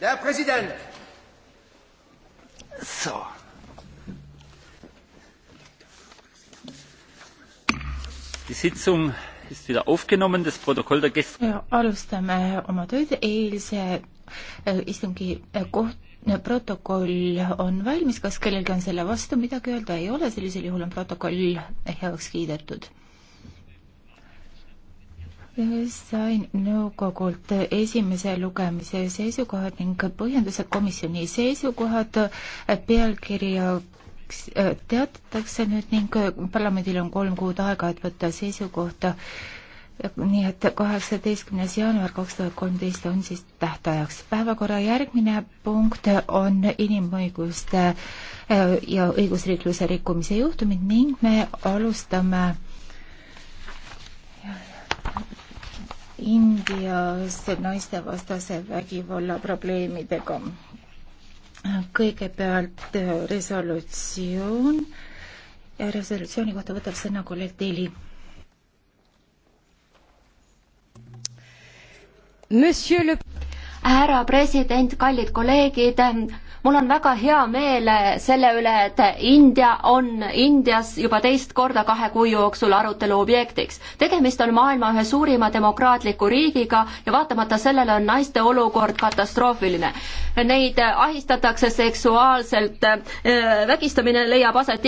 Der Präsident! So. Die Sitzung ist wieder aufgenommen, das Protokoll der gestrigen. Alustame oma tööd eilse äh, istungi äh, koht, äh, protokoll on valmis, kas kellelgi on selle vastu midagi öelda, ei ole, sellisel juhul on protokoll heaks kiidetud sain nõukogult esimese lugemise seisukohad ning põhjendused komisjoni seisukohad pealkirja äh, teatatakse nüüd ning parlamendil on kolm kuud aega, et võtta seisukohta. nii et kaheksateistkümnes jaanuar kaks tuhat kolmteist on siis tähtajaks. päevakorra järgmine punkt on inimõiguste äh, ja õigusriikluse rikkumise juhtumid ning me alustame Indias naistevastase vägivalla probleemidega. kõigepealt äh, resolutsioon, resolutsiooni kohta võtab sõna kolleeg Teli. Monsieur le härra president, kallid kolleegid, mul on väga hea meel selle üle, et India on Indias juba teist korda kahe kuu jooksul arutelu objektiks. tegemist on maailma ühe suurima demokraatliku riigiga ja vaatamata sellele on naiste olukord katastroofiline. Neid ahistatakse seksuaalselt, äh, vägistamine leiab aset